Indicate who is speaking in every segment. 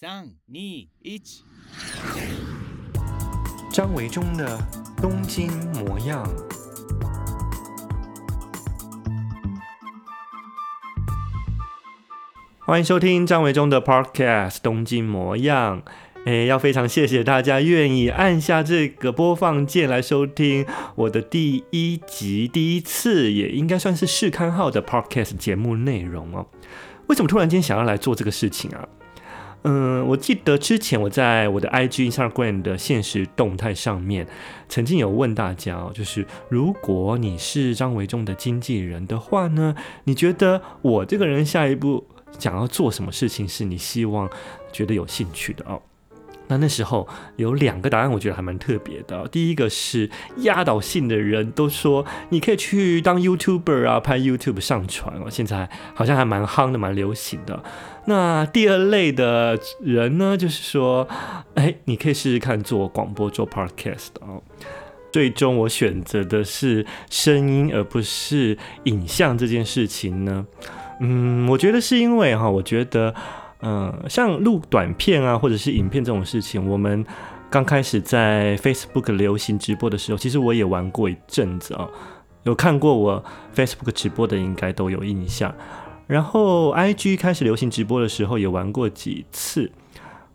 Speaker 1: 321張維中的東京模樣。歡迎收聽張維中的 Podcast《東京模樣》。哎，要非常謝謝大家願意按下這個播放鍵來收聽我的第一集，第一次，也應該算是試刊號的 Podcast 節目內容哦。為什麼突然間想要來做這個事情啊？嗯，我記得之前我在我的 I G Instagram 的限時動態上面，曾經有問大家，就是如果你是張維中的經紀人的話呢，你覺得我這個人下一步想要做什麼事情，是你希望覺得有興趣的哦？那那時候有兩個答案，我覺得還蠻特別的。第一個是壓倒性的人都說，你可以去當 YouTuber 啊，拍 YouTube 上傳哦，現在好像還蠻夯的，蠻流行的。那第二類的人呢，就是說，哎，你可以試試看做廣播，做 Podcast 哦。最終我選擇的是聲音而不是影像這件事情呢，嗯，我覺得是因為哈，我覺得。嗯，像錄短片啊，或者是影片這種事情，我們剛開始在 Facebook 流行直播的時候，其實我也玩過一陣子啊、哦。有看過我 Facebook 直播的，應該都有印象。然後 IG 開始流行直播的時候，也玩過幾次。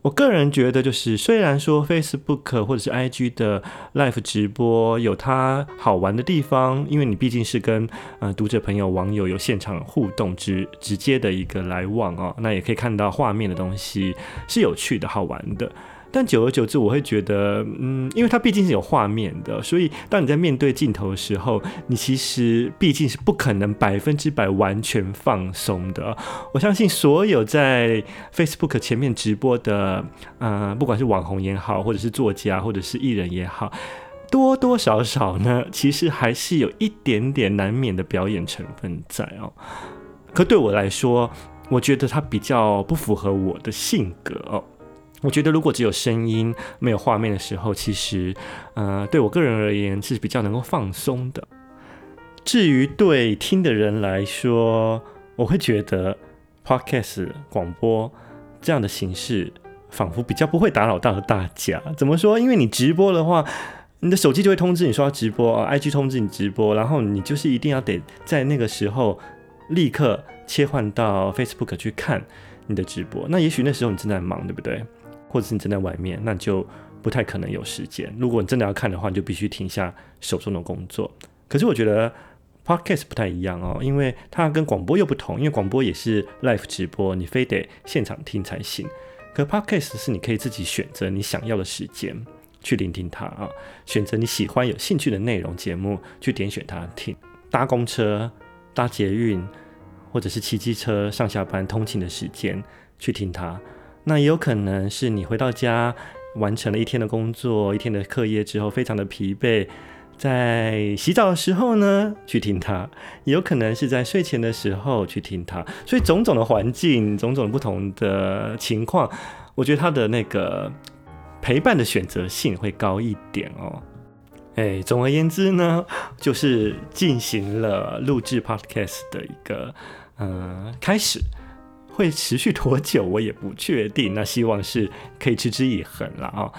Speaker 1: 我個人覺得，就是雖然說 Facebook 或者是 IG 的 Live 直播有它好玩的地方，因為你畢竟是跟呃讀者朋友、網友有現場互動之、直直接的一個來往哦，那也可以看到畫面的東西，是有趣的、好玩的。但久而久之，我會覺得，嗯，因為它畢竟是有畫面的，所以當你在面對鏡頭的時候，你其實畢竟是不可能百分之百完全放鬆的。我相信所有在 Facebook 前面直播的，呃，不管是網紅也好，或者是作家，或者是藝人也好，多多少少呢，其實還是有一點點難免的表演成分在哦。可對我來說，我覺得它比較不符合我的性格哦。我覺得，如果只有聲音沒有畫面的時候，其實，嗯、呃，對我個人而言是比較能夠放鬆的。至於對聽的人來說，我會覺得 podcast 廣播這樣的形式，仿佛比較不會打擾到大、大家。怎麼說？因為你直播的話，你的手機就會通知你說要直播，啊，IG 通知你直播，然後你就是一定要得在那個時候立刻切換到 Facebook 去看你的直播。那也許那時候你正在忙，對不對？或者是你正在外面，那就不太可能有時間。如果你真的要看的話，你就必須停下手中的工作。可是我覺得 podcast 不太一樣哦，因為它跟廣播又不同，因為廣播也是 live 直播，你非得現場聽才行。可 podcast 是你可以自己選擇你想要的時間去聆聽它啊，選擇你喜歡、有興趣的內容節目去點選它聽，搭公車、搭捷運，或者是騎機車上下班通勤的時間去聽它。那也有可能是你回到家，完成了一天的工作、一天的課業之後，非常的疲憊，在洗澡的時候呢，去聽它。也有可能是在睡前的時候去聽它。所以，種種的環境、種種不同的情況，我覺得它的那個陪伴的選擇性會高一點哦。哎，總而言之呢，就是進行了錄製 Podcast 的一個嗯、呃，開始。會持續多久，我也不確定。那希望是可以持之以恆了啊、哦。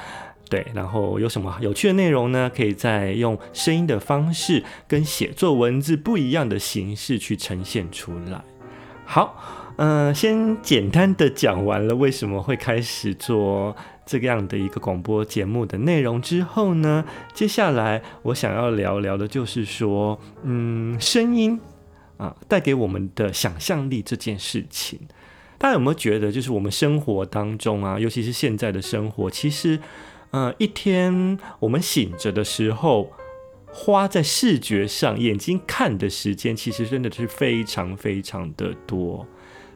Speaker 1: 對，然後有什麼有趣的內容呢？可以再用聲音的方式，跟寫作文字不一樣的形式去呈現出來。好，嗯、呃，先簡單的講完了為什麼會開始做這樣的一個廣播節目的內容之後呢，接下來我想要聊聊的就是說，嗯，聲音啊、呃，帶給我們的想象力這件事情。大家有沒有覺得，就是我們生活當中啊，尤其是現在的生活，其實，嗯、呃，一天我們醒着的時候，花在視覺上眼睛看的時間，其實真的是非常非常的多。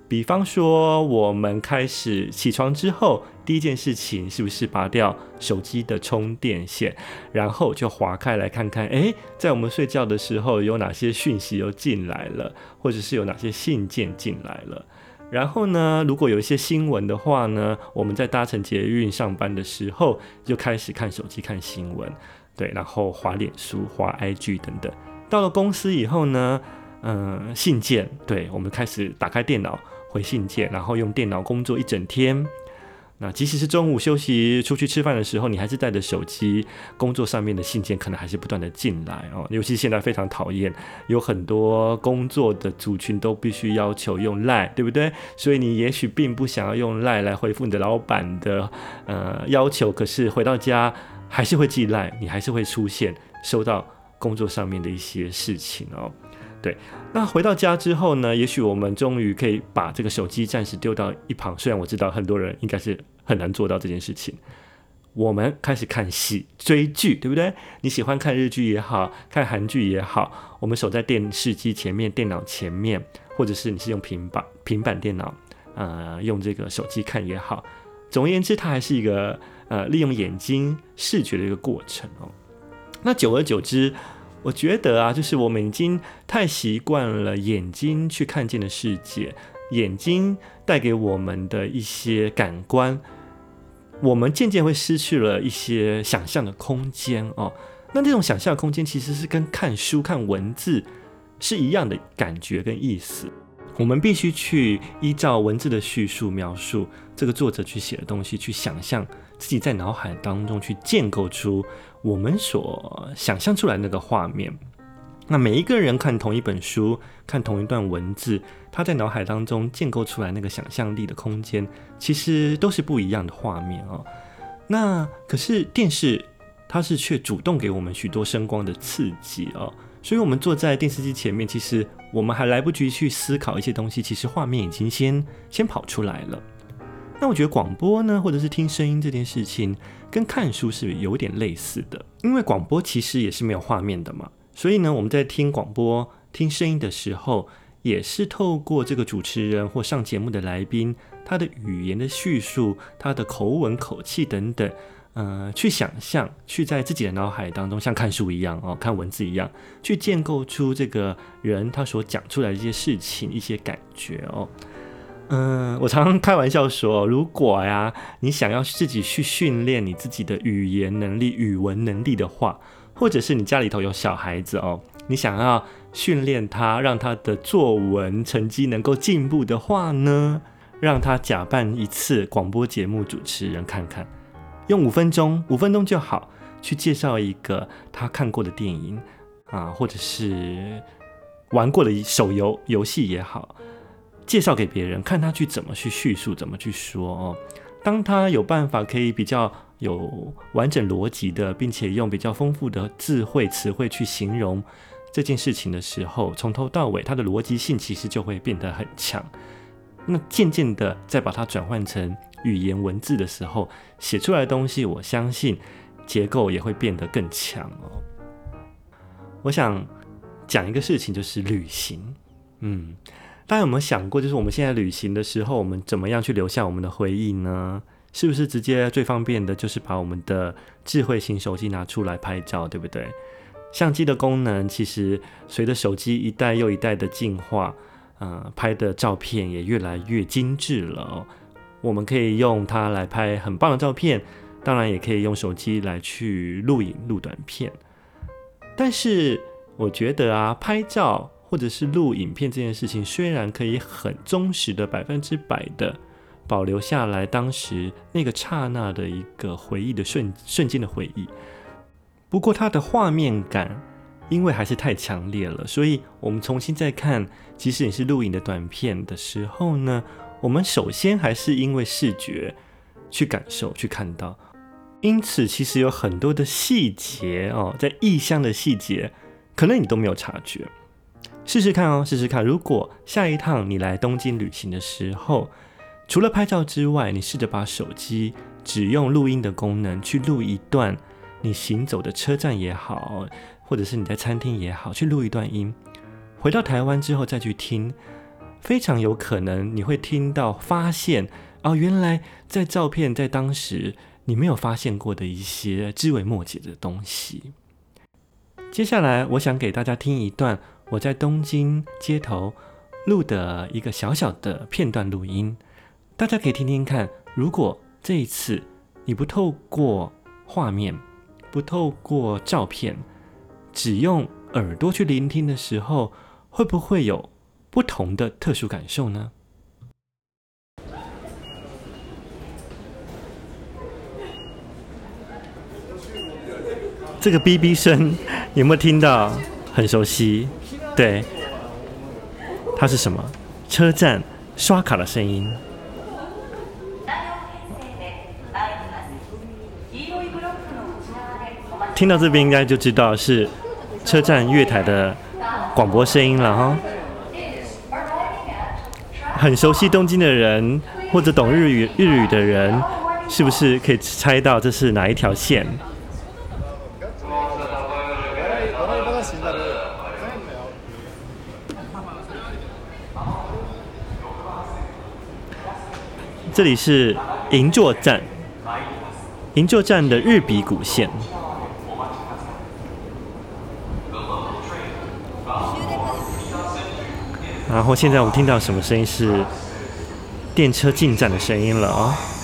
Speaker 1: 比方說，我們開始起床之後，第一件事情是不是拔掉手機的充電線，然後就滑開來看看，哎、欸，在我們睡覺的時候，有哪些訊息又進來了，或者是有哪些信件進來了？然後呢，如果有一些新聞的話呢，我們在搭乘捷運上班的時候就開始看手機看新聞，對，然後滑臉書、滑 IG 等等。到了公司以後呢，嗯，信件，對，我們開始打開電腦回信件，然後用電腦工作一整天。那即使是中午休息出去吃飯的時候，你還是帶着手機，工作上面的信件可能還是不斷的進來哦。尤其現在非常討厭，有很多工作的族群都必須要求用 LINE，對不對？所以你也許並不想要用 LINE 來回復你的老闆的呃要求，可是回到家還是會寄 LINE，你還是會出現收到工作上面的一些事情哦。對，那回到家之後呢，也許我們終於可以把這個手機暫時丟到一旁，雖然我知道很多人應該是很難做到這件事情。我們開始看戲、追劇，對不對？你喜歡看日劇也好，看韓劇也好，我們守在電視機前面、電腦前面，或者是你是用平板、平板電腦，啊、呃，用這個手機看也好。總而言之，它還是一個呃，利用眼睛視覺的一個過程哦。那久而久之，我覺得啊，就是我們已經太習慣了眼睛去看見的世界，眼睛帶給我們的一些感官，我們漸漸會失去了一些想象的空間哦。那這種想象的空間其實是跟看書看文字是一樣的感覺跟意思。我們必須去依照文字的敘述描述，這個作者去寫的東西去想象。自己在腦海當中去建構出我們所想象出來的那個畫面，那每一個人看同一本書、看同一段文字，他在腦海當中建構出來的那個想象力的空間，其實都是不一樣的畫面啊、哦。那可是電視，它是卻主動給我們許多聲光的刺激啊、哦。所以我們坐在電視機前面，其實我們還來不及去思考一些東西，其實畫面已經先先跑出來了。那我覺得廣播呢，或者是聽聲音這件事情，跟看書是有點類似的，因為廣播其實也是沒有畫面的嘛，所以呢，我們在聽廣播、聽聲音的時候，也是透過這個主持人或上節目的來賓他的語言的敘述、他的口吻、口氣等等，呃，去想象，去在自己的腦海當中像看書一樣哦，看文字一樣，去建構出這個人他所講出來的一些事情，一些感覺哦。嗯，我常常開玩笑說，如果呀、啊，你想要自己去訓練你自己的語言能力、語文能力的話，或者是你家裡頭有小孩子哦，你想要訓練他，讓他的作文成績能夠進步的話呢，讓他假扮一次廣播節目主持人看看，用五分鐘，五分鐘就好，去介紹一個他看過的電影啊，或者是玩過的手遊遊戲也好。介紹給別人，看他去怎麼去敘述，怎麼去說哦。當他有辦法可以比較有完整邏輯的，並且用比較豐富的智慧詞彙去形容這件事情的時候，從頭到尾他的邏輯性其實就會變得很強。那漸漸的，再把它轉換成語言文字的時候，寫出來的東西，我相信結構也會變得更強哦。我想講一個事情，就是旅行。嗯。大家有沒有想過，就是我們現在旅行的時候，我們怎麼樣去留下我們的回憶呢？是不是直接最方便的就是把我們的智慧型手機拿出來拍照，對不對？相機的功能其實隨着手機一代又一代的進化，嗯、呃，拍的照片也越來越精緻了哦。我們可以用它來拍很棒的照片，當然也可以用手機來去錄影、錄短片。但是我覺得啊，拍照。或者是錄影片這件事情，雖然可以很忠實的百分之百的保留下來當時那個剎那的一個回憶的瞬瞬間的回憶，不過它的畫面感因為還是太強烈了，所以我們重新再看，即使你是錄影的短片的時候呢，我們首先還是因為視覺去感受去看到，因此其實有很多的細節哦，在異鄉的細節，可能你都沒有察覺。試試看哦，試試看。如果下一趟你來東京旅行的時候，除了拍照之外，你試着把手機只用錄音的功能去錄一段你行走的車站也好，或者是你在餐廳也好，去錄一段音。回到台灣之後再去聽，非常有可能你會聽到發現哦、啊，原來在照片在當時你沒有發現過的一些枝微末節的東西。接下來我想給大家聽一段。我在東京街頭錄的一個小小的片段錄音，大家可以聽聽看。如果這一次你不透過畫面、不透過照片，只用耳朵去聆聽的時候，會不會有不同的特殊感受呢？這個嗶嗶聲有沒有聽到？很熟悉。對，它是什麼？車站刷卡的聲音。聽到這邊應該就知道是車站月台的廣播聲音了哈、哦。很熟悉東京的人，或者懂日語日語的人，是不是可以猜到這是哪一條線？這裡是銀座站，銀座站的日比谷線。然後現在我們聽到什麼聲音？是電車進站的聲音了啊、哦！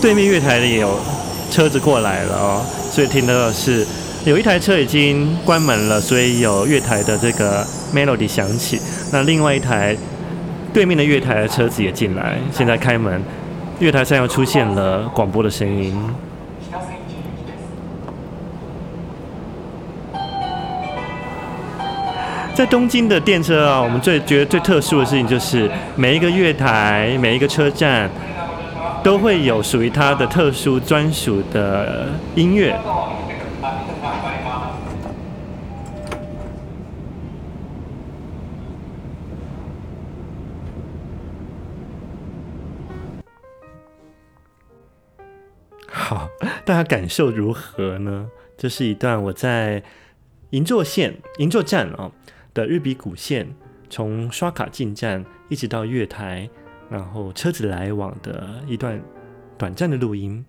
Speaker 1: 對面月台也有車子過來了哦，所以聽得到是有一台車已經關門了，所以有月台的這個 melody 響起。那另外一台對面的月台的車子也進來，現在開門，月台上又出現了廣播的聲音。在東京的電車啊，我們最覺得最特殊的事情就是每一個月台，每一個車站。都會有屬於它的特殊專屬的音樂。好，大家感受如何呢？這、就是一段我在銀座線銀座站啊、哦、的日比谷線，從刷卡進站一直到月台。然後車子來往的一段短暫的錄音，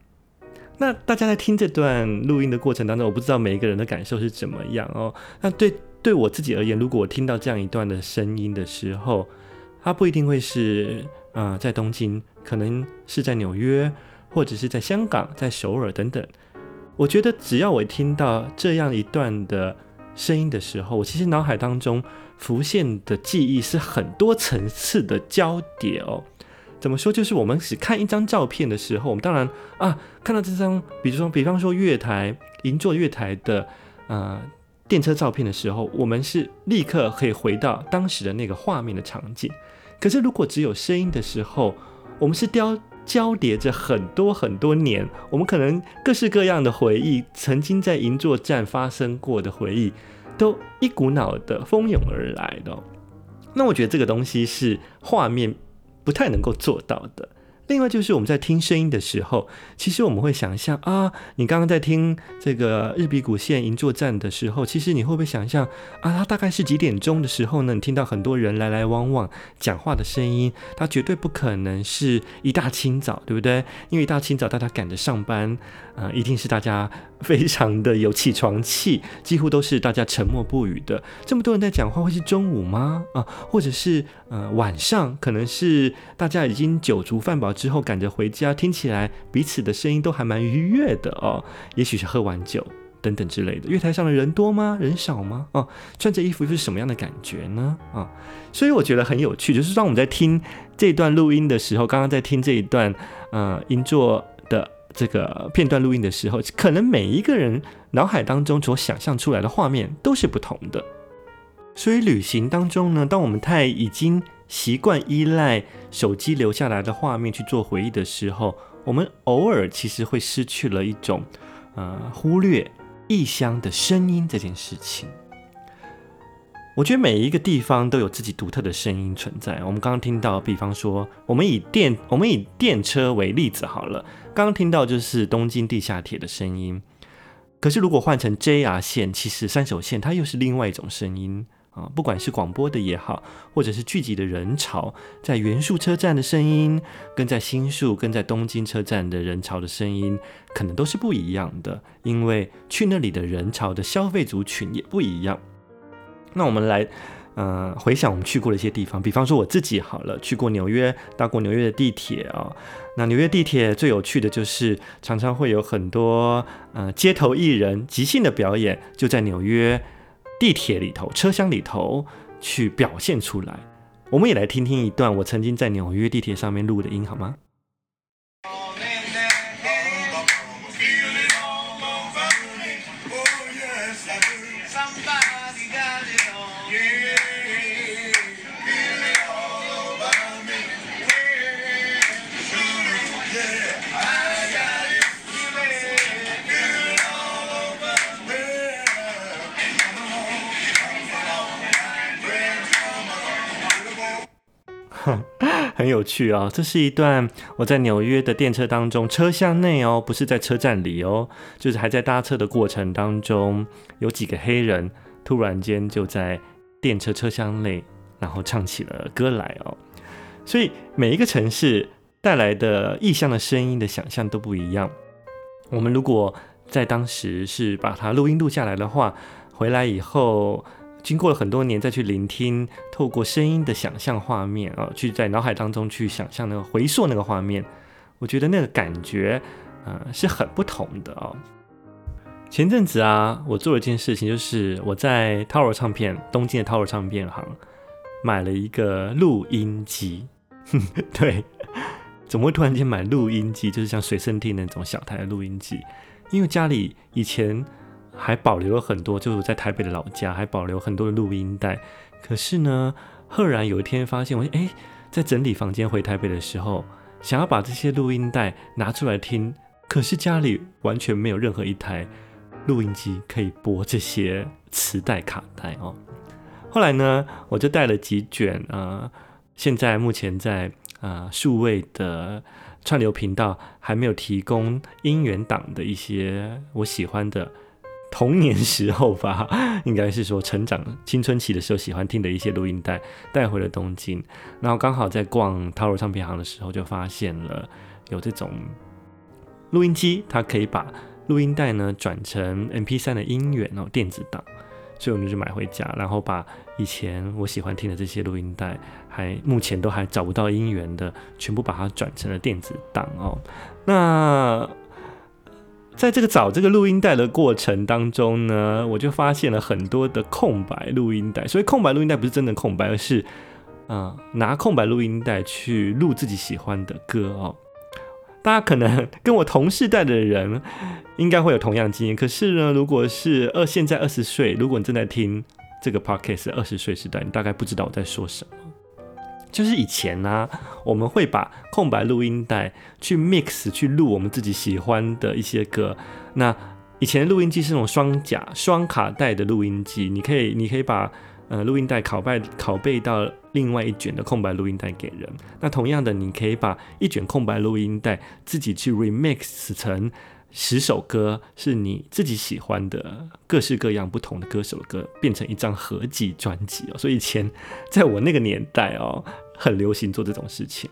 Speaker 1: 那大家在聽這段錄音的過程當中，我不知道每一個人的感受是怎麼樣哦。那對，對我自己而言，如果我聽到這樣一段的聲音的時候，它不一定會是啊，呃，在東京，可能是在紐約，或者是在香港、在首爾等等。我覺得只要我聽到這樣一段的聲音的時候，我其實腦海當中。浮現的記憶是很多層次的交疊哦。怎麼說？就是我們只看一張照片的時候，我們當然啊，看到這張，比如說，比方說月台銀座月台的呃電車照片的時候，我們是立刻可以回到當時的那個畫面的場景。可是如果只有聲音的時候，我們是交交疊着很多很多年，我們可能各式各樣的回憶，曾經在銀座站發生過的回憶，都一股腦的蜂擁而來的哦，那我覺得這個東西是畫面不太能夠做到的。另外就是我們在聽聲音的時候，其實我們會想象啊，你剛剛在聽這個日比谷線銀座站的時候，其實你會不會想象啊，它大概是幾點鐘的時候呢？你聽到很多人來來往往講話的聲音，它絕對不可能是一大清早，對不對？因為一大清早大家趕着上班，啊、呃，一定是大家非常的有起床氣，幾乎都是大家沉默不語的。這麼多人在講話，會是中午嗎？啊、呃，或者是呃晚上？可能是大家已經酒足飯飽。之後趕着回家，聽起來彼此的聲音都還蠻愉悅的哦。也許是喝完酒等等之類的。月台上的人多嗎？人少嗎？哦，穿着衣服又是什麼樣的感覺呢？啊、哦，所以我覺得很有趣，就是當我們在聽這段錄音的時候，剛剛在聽這一段，呃，銀座的這個片段錄音的時候，可能每一個人腦海當中所想象出來的畫面都是不同的。所以旅行當中呢，當我們太已經。習慣依賴手機留下來的畫面去做回憶的時候，我們偶爾其實會失去了一種，呃，忽略異鄉的聲音這件事情。我覺得每一個地方都有自己獨特的聲音存在。我們剛剛聽到，比方說，我們以電我們以電車為例子好了，剛聽到就是東京地下鐵的聲音。可是如果換成 JR 線，其實山手線它又是另外一種聲音。不管是廣播的也好，或者是聚集的人潮，在原宿車站的聲音，跟在新宿、跟在東京車站的人潮的聲音，可能都是不一樣的，因為去那裡的人潮的消費族群也不一樣。那我們來，嗯、呃、回想我們去過的一些地方，比方說我自己好了，去過紐約，搭過紐約的地鐵啊、哦。那紐約地鐵最有趣的就是，常常會有很多嗯、呃、街頭藝人即興的表演，就在紐約地鐵裡頭，車廂裡頭去表現出來。我們也來聽聽一段我曾經在紐約地鐵上面錄的音，好嗎？有趣啊、哦！這是一段我在紐約的電車當中，車廂內哦，不是在車站裡哦，就是還在搭車的過程當中，有幾個黑人突然間就在電車車廂內，然後唱起了歌來哦。所以每一個城市帶來的異鄉的聲音的想象都不一樣。我們如果在當時是把它錄音錄下來的話，回來以後。經過了很多年再去聆聽，透過聲音的想象畫面啊、哦，去在腦海當中去想象那個回溯那個畫面，我覺得那個感覺嗯、呃、是很不同的哦。前陣子啊，我做了一件事情，就是我在 Tower 唱片，東京的 Tower 唱片行買了一個錄音機。呵呵，對，怎麼會突然間買錄音機？就是像隨身聽那種小台的錄音機，因為家裡以前。還保留了很多，就是在台北的老家，還保留很多的錄音帶。可是呢，赫然有一天發現我，我哎，在整理房間回台北的時候，想要把這些錄音帶拿出來聽，可是家裡完全沒有任何一台錄音機可以播這些磁帶卡帶哦。後來呢，我就帶了幾卷啊、呃，現在目前在啊、呃、數位的串流頻道還沒有提供音源檔的一些我喜歡的。童年時候吧，應該是說成長青春期的時候喜歡聽的一些錄音帶帶回了東京，然後剛好在逛 t o w e 唱片行的時候就發現了有這種錄音機，它可以把錄音帶呢轉成 M P 三的音源哦電子檔，所以我們就買回家，然後把以前我喜歡聽的這些錄音帶還目前都還找不到音源的，全部把它轉成了電子檔哦，那。在這個找這個錄音帶的過程當中呢，我就發現了很多的空白錄音帶。所以空白錄音帶不是真的空白，而是，呃，拿空白錄音帶去錄自己喜歡的歌哦。大家可能跟我同世代的人應該會有同樣經驗。可是呢，如果是二現在二十歲，如果你正在聽這個 Podcast，二十歲時代，你大概不知道我在說什麼。就是以前呢、啊，我們會把空白錄音帶去 mix 去錄我們自己喜歡的一些歌。那以前錄音機是那種雙夾雙卡帶的錄音機，你可以你可以把呃錄音帶拷貝拷貝到另外一卷的空白錄音帶給人。那同樣的，你可以把一卷空白錄音帶自己去 remix 成。十首歌，是你自己喜歡的各式各樣不同的歌手的歌，變成一張合輯專輯哦。所以以前在我那個年代哦，很流行做這種事情。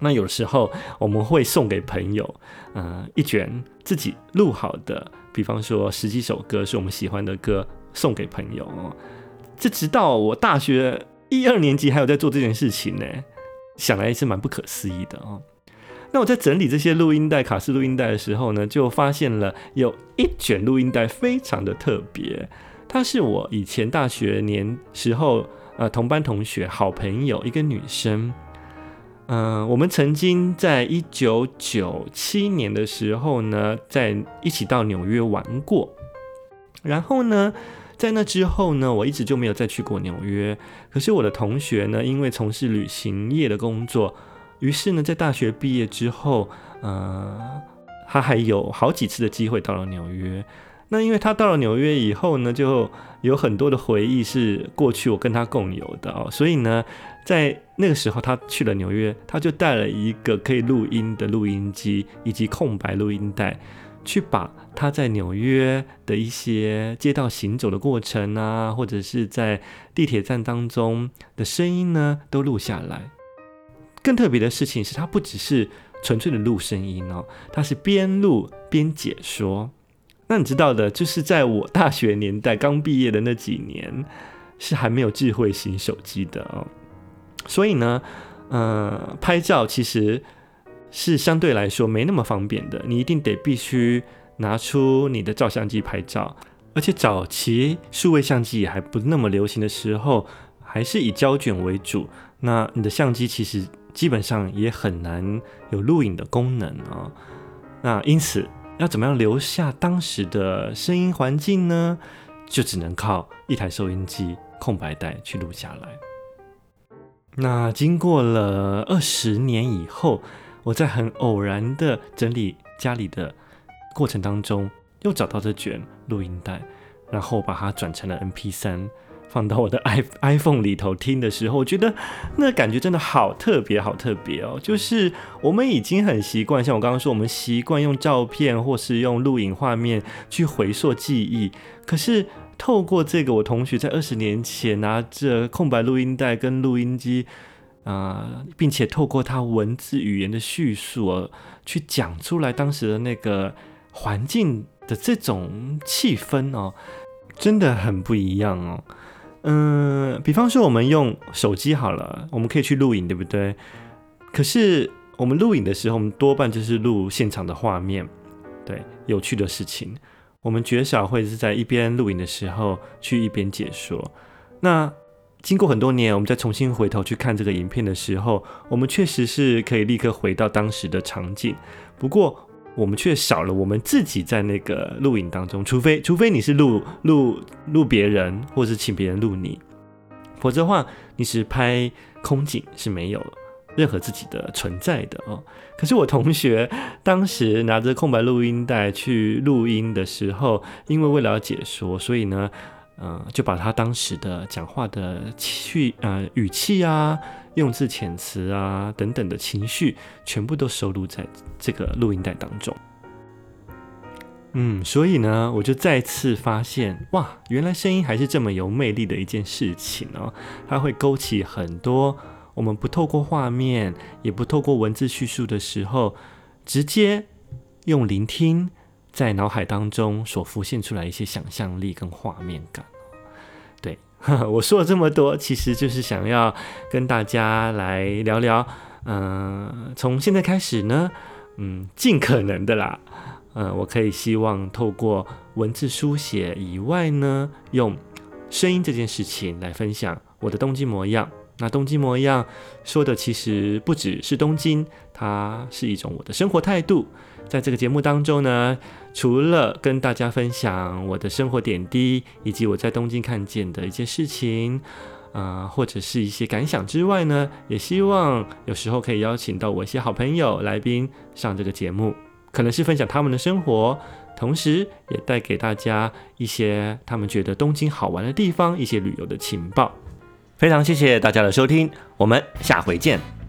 Speaker 1: 那有時候我們會送給朋友，嗯、呃，一卷自己錄好的，比方說十幾首歌是我們喜歡的歌，送給朋友哦。這直到我大學一二年級還有在做這件事情呢，想來也是蠻不可思議的哦。那我在整理這些錄音帶、卡式錄音帶的時候呢，就發現了有一卷錄音帶非常的特別，它是我以前大學年時候呃同班同學好朋友一個女生，嗯、呃，我們曾經在一九九七年的時候呢，在一起到紐約玩過，然後呢，在那之後呢，我一直就沒有再去過紐約。可是我的同學呢，因為從事旅行業的工作。於是呢，在大學畢業之後，呃，他還有好幾次的機會到了紐約。那因為他到了紐約以後呢，就有很多的回憶是過去我跟他共有的哦。所以呢，在那個時候他去了紐約，他就帶了一個可以錄音的錄音機以及空白錄音帶，去把他在紐約的一些街道行走的過程啊，或者是在地鐵站當中的聲音呢，都錄下來。更特別的事情是，它不只是純粹的錄聲音哦，它是邊錄邊解說。那你知道的，就是在我大學年代剛畢業的那幾年，是還沒有智慧型手機的哦，所以呢，呃，拍照其實是相對來說沒那麼方便的，你一定得必須拿出你的照相機拍照，而且早期數位相機也還不那麼流行的時候，還是以膠卷為主。那你的相機其實，基本上也很難有錄影的功能啊、哦，那因此要怎麼樣留下當時的聲音環境呢？就只能靠一台收音機空白帶去錄下來。那經過了二十年以後，我在很偶然的整理家裡的過程當中，又找到這卷錄音帶，然後把它轉成了 MP3。放到我的 i iPhone 裡頭聽的時候，我覺得那感覺真的好特別，好特別哦！就是我們已經很習慣，像我剛剛說，我們習慣用照片或是用錄影畫面去回溯記憶。可是透過這個，我同學在二十年前拿、啊、着空白錄音帶跟錄音機，啊、呃，並且透過他文字語言的敘述去講出來當時的那個環境的這種氣氛哦，真的很不一樣哦。嗯，比方說我們用手機好了，我們可以去錄影，對不對？可是我們錄影的時候，我們多半就是錄現場的畫面，對，有趣的事情。我們絕少會是在一邊錄影的時候去一邊解說。那經過很多年，我們再重新回頭去看這個影片的時候，我們確實是可以立刻回到當時的場景。不過，我們卻少了我們自己在那個錄影當中，除非，除非你是錄錄錄別人，或是請別人錄你，否則的話，你是拍空景，是沒有了任何自己的存在的哦、喔。可是我同學當時拿着空白錄音帶去錄音的時候，因為為了要解說，所以呢。嗯、呃，就把他當時的講話的氣，呃、語氣啊，用字遣詞啊等等的情緒，全部都收錄在這個錄音帶當中。嗯，所以呢，我就再次發現，哇，原來聲音還是這麼有魅力的一件事情哦，它會勾起很多我們不透過畫面，也不透過文字敘述的時候，直接用聆聽。在腦海當中所浮現出來一些想象力跟畫面感，對，呵呵，我說了這麼多，其實就是想要跟大家來聊聊，嗯、呃，從現在開始呢，嗯，盡可能的啦，嗯、呃，我可以希望透過文字書寫以外呢，用聲音這件事情來分享我的東京模樣。那東京模樣說的其實不只是東京，它是一種我的生活態度。在這個節目當中呢，除了跟大家分享我的生活點滴，以及我在東京看見的一些事情，啊、呃，或者是一些感想之外呢，也希望有時候可以邀請到我一些好朋友來賓上這個節目，可能是分享他們的生活，同時也帶給大家一些他們覺得東京好玩的地方，一些旅遊的情報。非常謝謝大家的收聽，我們下回見。